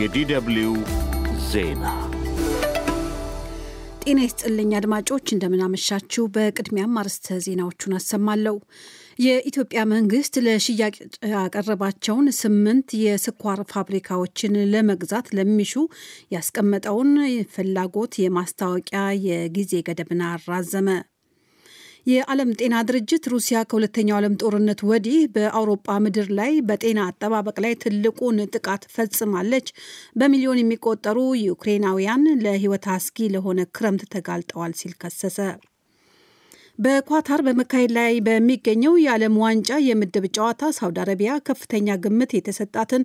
የዲደብልዩ ዜና ጤና ይስጥልኝ አድማጮች፣ እንደምናመሻችው በቅድሚያም አርዕስተ ዜናዎቹን አሰማለሁ። የኢትዮጵያ መንግስት ለሽያጭ ያቀረባቸውን ስምንት የስኳር ፋብሪካዎችን ለመግዛት ለሚሹ ያስቀመጠውን ፍላጎት የማስታወቂያ የጊዜ ገደብን አራዘመ። የዓለም ጤና ድርጅት ሩሲያ ከሁለተኛው ዓለም ጦርነት ወዲህ በአውሮፓ ምድር ላይ በጤና አጠባበቅ ላይ ትልቁን ጥቃት ፈጽማለች፣ በሚሊዮን የሚቆጠሩ ዩክሬናውያን ለሕይወት አስጊ ለሆነ ክረምት ተጋልጠዋል ሲል ከሰሰ። በኳታር በመካሄድ ላይ በሚገኘው የዓለም ዋንጫ የምድብ ጨዋታ ሳውዲ አረቢያ ከፍተኛ ግምት የተሰጣትን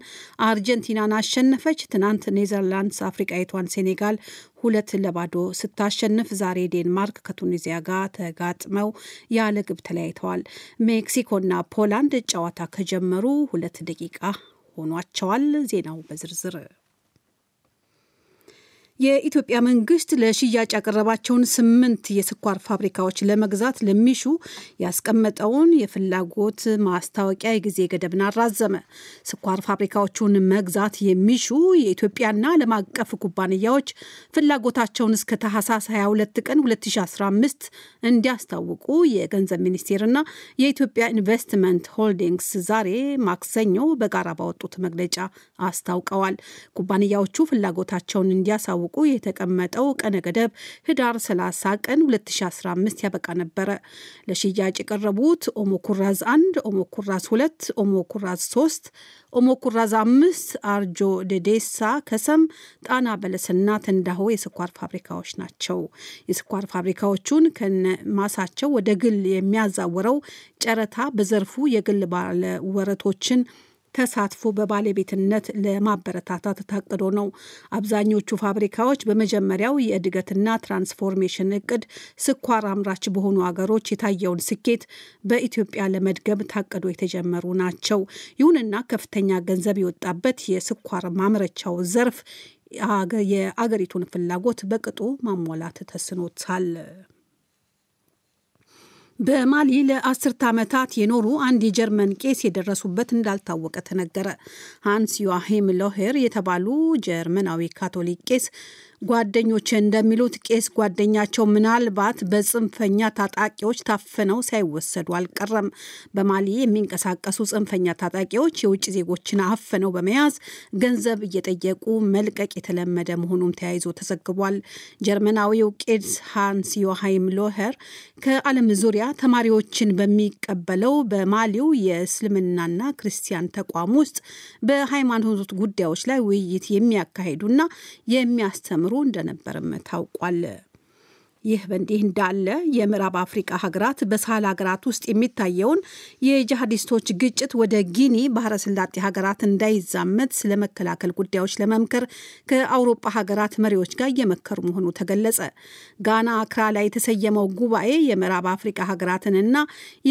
አርጀንቲናን አሸነፈች። ትናንት ኔዘርላንድስ አፍሪቃዊቷን ሴኔጋል ሁለት ለባዶ ስታሸንፍ ዛሬ ዴንማርክ ከቱኒዚያ ጋር ተጋጥመው ያለ ግብ ተለያይተዋል። ሜክሲኮና ፖላንድ ጨዋታ ከጀመሩ ሁለት ደቂቃ ሆኗቸዋል። ዜናው በዝርዝር የኢትዮጵያ መንግስት ለሽያጭ ያቀረባቸውን ስምንት የስኳር ፋብሪካዎች ለመግዛት ለሚሹ ያስቀመጠውን የፍላጎት ማስታወቂያ የጊዜ ገደብን አራዘመ። ስኳር ፋብሪካዎቹን መግዛት የሚሹ የኢትዮጵያና ዓለም አቀፍ ኩባንያዎች ፍላጎታቸውን እስከ ታህሳስ 22 ቀን 2015 እንዲያስታውቁ የገንዘብ ሚኒስቴርና የኢትዮጵያ ኢንቨስትመንት ሆልዲንግስ ዛሬ ማክሰኞ በጋራ ባወጡት መግለጫ አስታውቀዋል። ኩባንያዎቹ ፍላጎታቸውን እንዲያሳውቁ እንዲያሳውቁ የተቀመጠው ቀነ ገደብ ህዳር 30 ቀን 2015 ያበቃ ነበረ። ለሽያጭ የቀረቡት ኦሞኩራዝ 1፣ ኦሞኩራዝ 2፣ ኦሞኩራዝ 3፣ ኦሞኩራዝ 5፣ አርጆ ደዴሳ፣ ከሰም፣ ጣና በለስና ተንዳሆ የስኳር ፋብሪካዎች ናቸው። የስኳር ፋብሪካዎቹን ከነ ማሳቸው ወደ ግል የሚያዛውረው ጨረታ በዘርፉ የግል ባለወረቶችን ተሳትፎ በባለቤትነት ለማበረታታት ታቅዶ ነው። አብዛኞቹ ፋብሪካዎች በመጀመሪያው የእድገትና ትራንስፎርሜሽን እቅድ ስኳር አምራች በሆኑ አገሮች የታየውን ስኬት በኢትዮጵያ ለመድገም ታቅዶ የተጀመሩ ናቸው። ይሁንና ከፍተኛ ገንዘብ የወጣበት የስኳር ማምረቻው ዘርፍ የአገሪቱን ፍላጎት በቅጡ ማሟላት ተስኖታል። በማሊ ለአስርት ዓመታት የኖሩ አንድ የጀርመን ቄስ የደረሱበት እንዳልታወቀ ተነገረ። ሃንስ ዮአሂም ሎሄር የተባሉ ጀርመናዊ ካቶሊክ ቄስ ጓደኞቼ እንደሚሉት ቄስ ጓደኛቸው ምናልባት በጽንፈኛ ታጣቂዎች ታፍነው ሳይወሰዱ አልቀረም። በማሊ የሚንቀሳቀሱ ጽንፈኛ ታጣቂዎች የውጭ ዜጎችን አፍነው በመያዝ ገንዘብ እየጠየቁ መልቀቅ የተለመደ መሆኑም ተያይዞ ተዘግቧል። ጀርመናዊው ቄስ ሃንስ ዮሃይም ሎሄር ከዓለም ዙሪያ ተማሪዎችን በሚቀበለው በማሊው የእስልምናና ክርስቲያን ተቋም ውስጥ በሃይማኖት ጉዳዮች ላይ ውይይት የሚያካሂዱና የሚያስተምሩ እንደነበርም ታውቋል። ይህ በእንዲህ እንዳለ የምዕራብ አፍሪቃ ሀገራት በሳህል ሀገራት ውስጥ የሚታየውን የጂሃዲስቶች ግጭት ወደ ጊኒ ባህረ ሀገራት እንዳይዛመት ስለመከላከል ጉዳዮች ለመምከር ከአውሮፓ ሀገራት መሪዎች ጋር እየመከሩ መሆኑ ተገለጸ። ጋና አክራ ላይ የተሰየመው ጉባኤ የምዕራብ አፍሪቃ ሀገራትንና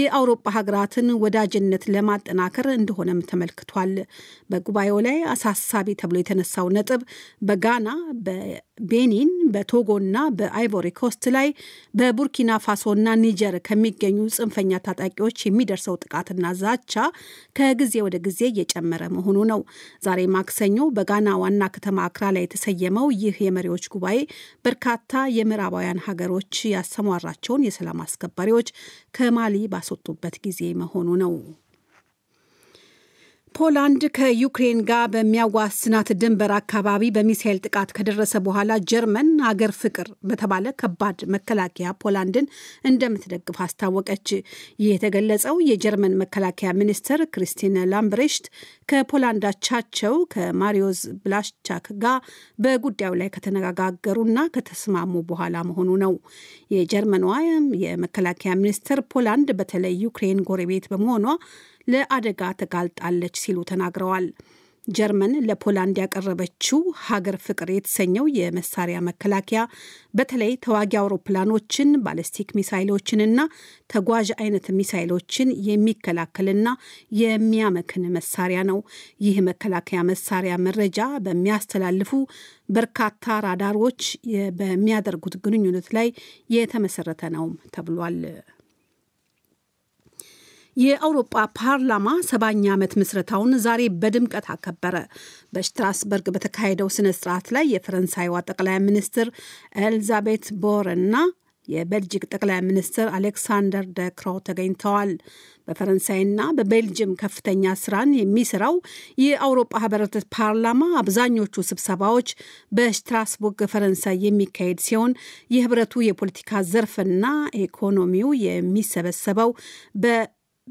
የአውሮፓ ሀገራትን ወዳጅነት ለማጠናከር እንደሆነም ተመልክቷል። በጉባኤው ላይ አሳሳቢ ተብሎ የተነሳው ነጥብ በጋና፣ በቤኒን፣ በቶጎና በአይቮሪ ላይ በቡርኪና ፋሶና ኒጀር ከሚገኙ ጽንፈኛ ታጣቂዎች የሚደርሰው ጥቃትና ዛቻ ከጊዜ ወደ ጊዜ እየጨመረ መሆኑ ነው። ዛሬ ማክሰኞ በጋና ዋና ከተማ አክራ ላይ የተሰየመው ይህ የመሪዎች ጉባኤ በርካታ የምዕራባውያን ሀገሮች ያሰማራቸውን የሰላም አስከባሪዎች ከማሊ ባስወጡበት ጊዜ መሆኑ ነው። ፖላንድ ከዩክሬን ጋር በሚያዋስናት ድንበር አካባቢ በሚሳኤል ጥቃት ከደረሰ በኋላ ጀርመን አገር ፍቅር በተባለ ከባድ መከላከያ ፖላንድን እንደምትደግፍ አስታወቀች። ይህ የተገለጸው የጀርመን መከላከያ ሚኒስትር ክሪስቲን ላምብሬሽት ከፖላንዳቻቸው ከማሪዮዝ ብላሽቻክ ጋር በጉዳዩ ላይ ከተነጋገሩና ከተስማሙ በኋላ መሆኑ ነው። የጀርመኗ የመከላከያ ሚኒስትር ፖላንድ በተለይ ዩክሬን ጎረቤት በመሆኗ ለአደጋ ተጋልጣለች ሲሉ ተናግረዋል። ጀርመን ለፖላንድ ያቀረበችው ሀገር ፍቅር የተሰኘው የመሳሪያ መከላከያ በተለይ ተዋጊ አውሮፕላኖችን፣ ባለስቲክ ሚሳይሎችንና ተጓዥ አይነት ሚሳይሎችን የሚከላከልና የሚያመክን መሳሪያ ነው። ይህ መከላከያ መሳሪያ መረጃ በሚያስተላልፉ በርካታ ራዳሮች በሚያደርጉት ግንኙነት ላይ የተመሰረተ ነውም ተብሏል። የአውሮጳ ፓርላማ ሰባኛ ዓመት ምስረታውን ዛሬ በድምቀት አከበረ። በሽትራስበርግ በተካሄደው ስነ ስርዓት ላይ የፈረንሳይዋ ጠቅላይ ሚኒስትር ኤልዛቤት ቦር እና የቤልጂክ ጠቅላይ ሚኒስትር አሌክሳንደር ደክሮ ተገኝተዋል። በፈረንሳይና በቤልጅም ከፍተኛ ስራን የሚሰራው የአውሮጳ ህብረት ፓርላማ አብዛኞቹ ስብሰባዎች በስትራስቡርግ ፈረንሳይ የሚካሄድ ሲሆን የህብረቱ የፖለቲካ ዘርፍና ኢኮኖሚው የሚሰበሰበው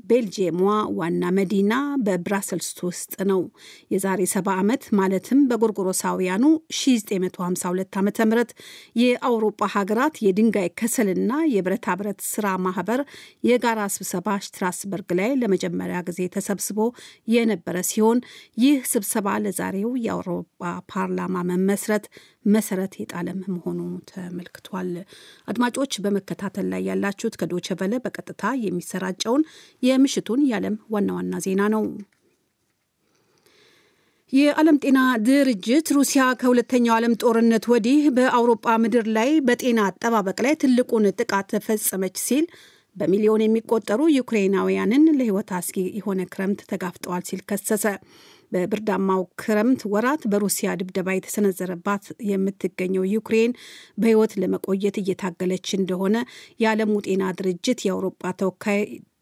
ቤልጅየሟ ዋና መዲና በብራሰልስ ውስጥ ነው። የዛሬ ሰባ ዓመት ማለትም በጎርጎሮሳውያኑ 1952 ዓ ም የአውሮፓ ሀገራት የድንጋይ ከሰልና የብረታ ብረት ስራ ማህበር የጋራ ስብሰባ ሽትራስበርግ ላይ ለመጀመሪያ ጊዜ ተሰብስቦ የነበረ ሲሆን ይህ ስብሰባ ለዛሬው የአውሮፓ ፓርላማ መመስረት መሰረት የጣለም መሆኑ ተመልክቷል። አድማጮች በመከታተል ላይ ያላችሁት ከዶቼ በቀጥታ የሚሰራጨውን የምሽቱን የዓለም ዋና ዋና ዜና ነው። የዓለም ጤና ድርጅት ሩሲያ ከሁለተኛው ዓለም ጦርነት ወዲህ በአውሮጳ ምድር ላይ በጤና አጠባበቅ ላይ ትልቁን ጥቃት ተፈጸመች ሲል በሚሊዮን የሚቆጠሩ ዩክሬናውያንን ለሕይወት አስጊ የሆነ ክረምት ተጋፍጠዋል ሲል ከሰሰ። በብርዳማው ክረምት ወራት በሩሲያ ድብደባ የተሰነዘረባት የምትገኘው ዩክሬን በሕይወት ለመቆየት እየታገለች እንደሆነ የዓለሙ ጤና ድርጅት የአውሮፓ ተወካይ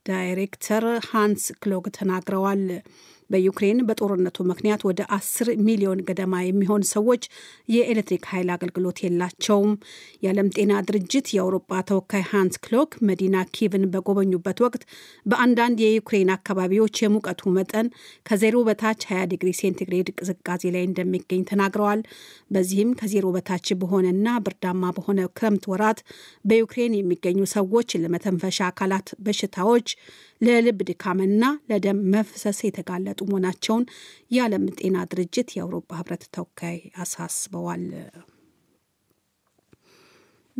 ዳይሬክተር ሃንስ ክሎግ ተናግረዋል። በዩክሬን በጦርነቱ ምክንያት ወደ አስር ሚሊዮን ገደማ የሚሆን ሰዎች የኤሌክትሪክ ኃይል አገልግሎት የላቸውም። የዓለም ጤና ድርጅት የአውሮፓ ተወካይ ሃንስ ክሎክ መዲና ኪቭን በጎበኙበት ወቅት በአንዳንድ የዩክሬን አካባቢዎች የሙቀቱ መጠን ከዜሮ በታች 20 ዲግሪ ሴንቲግሬድ ቅዝቃዜ ላይ እንደሚገኝ ተናግረዋል። በዚህም ከዜሮ በታች በሆነና ብርዳማ በሆነ ክረምት ወራት በዩክሬን የሚገኙ ሰዎች ለመተንፈሻ አካላት በሽታዎች፣ ለልብ ድካምና ለደም መፍሰስ የተጋለጡ መሆናቸውን የዓለም ጤና ድርጅት የአውሮፓ ህብረት ተወካይ አሳስበዋል።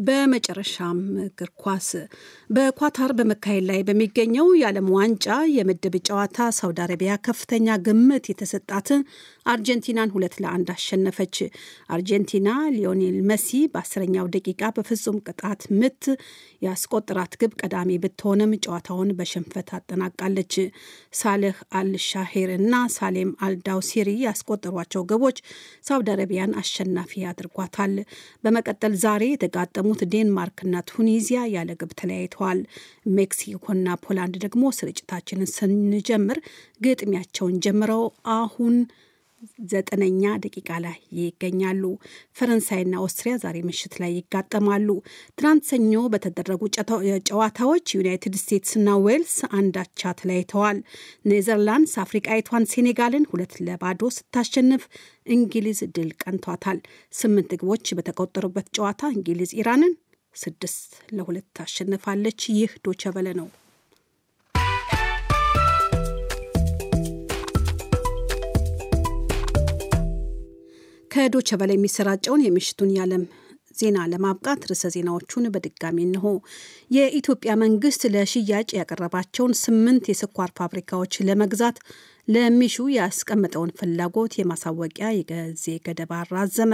በመጨረሻም እግር ኳስ በኳታር በመካሄድ ላይ በሚገኘው የዓለም ዋንጫ የምድብ ጨዋታ ሳውዲ አረቢያ ከፍተኛ ግምት የተሰጣትን አርጀንቲናን ሁለት ለአንድ አሸነፈች። አርጀንቲና ሊዮኔል መሲ በአስረኛው ደቂቃ በፍጹም ቅጣት ምት ያስቆጠራት ግብ ቀዳሚ ብትሆንም ጨዋታውን በሽንፈት አጠናቃለች። ሳልህ አልሻሄር እና ሳሌም አልዳውሲሪ ያስቆጠሯቸው ግቦች ሳውዲ አረቢያን አሸናፊ አድርጓታል። በመቀጠል ዛሬ የተጋጠ የገጠሙት ዴንማርክና ቱኒዚያ ያለ ግብ ተለያይተዋል። ሜክሲኮና ፖላንድ ደግሞ ስርጭታችንን ስንጀምር ግጥሚያቸውን ጀምረው አሁን ዘጠነኛ ደቂቃ ላይ ይገኛሉ። ፈረንሳይና ኦስትሪያ ዛሬ ምሽት ላይ ይጋጠማሉ። ትናንት ሰኞ በተደረጉ ጨዋታዎች ዩናይትድ ስቴትስና ዌልስ አንዳቻ ተለያይተዋል። ኔዘርላንድስ አፍሪቃዊቷን ሴኔጋልን ሁለት ለባዶ ስታሸንፍ እንግሊዝ ድል ቀንቷታል። ስምንት ግቦች በተቆጠሩበት ጨዋታ እንግሊዝ ኢራንን ስድስት ለሁለት ታሸንፋለች። ይህ ዶቸበለ ነው። ከዶቸ በላይ የሚሰራጨውን የምሽቱን ያለም ዜና ለማብቃት ርዕሰ ዜናዎቹን በድጋሚ እንሆ። የኢትዮጵያ መንግስት ለሽያጭ ያቀረባቸውን ስምንት የስኳር ፋብሪካዎች ለመግዛት ለሚሹ ያስቀመጠውን ፍላጎት የማሳወቂያ የጊዜ ገደብ አራዘመ።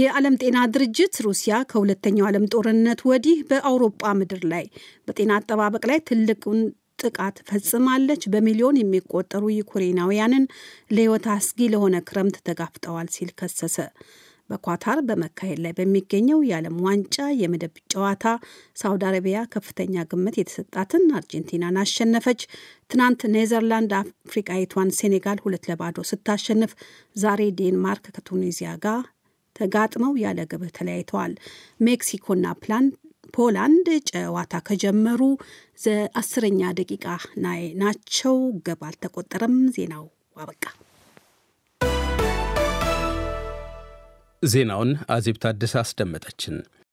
የዓለም ጤና ድርጅት ሩሲያ ከሁለተኛው ዓለም ጦርነት ወዲህ በአውሮጳ ምድር ላይ በጤና አጠባበቅ ላይ ትልቁን ጥቃት ፈጽማለች፣ በሚሊዮን የሚቆጠሩ ዩክሬናውያንን ለሕይወት አስጊ ለሆነ ክረምት ተጋፍጠዋል ሲል ከሰሰ። በኳታር በመካሄድ ላይ በሚገኘው የዓለም ዋንጫ የምድብ ጨዋታ ሳውዲ አረቢያ ከፍተኛ ግምት የተሰጣትን አርጀንቲናን አሸነፈች። ትናንት ኔዘርላንድ አፍሪቃዊቷን ሴኔጋል ሁለት ለባዶ ስታሸንፍ፣ ዛሬ ዴንማርክ ከቱኒዚያ ጋር ተጋጥመው ያለ ግብ ተለያይተዋል። ሜክሲኮና ፕላን ፖላንድ ጨዋታ ከጀመሩ ዘአስረኛ ደቂቃ ናይ ናቸው። ገብ አልተቆጠረም። ዜናው አበቃ። ዜናውን አዜብ ታደሰ አስደመጠችን።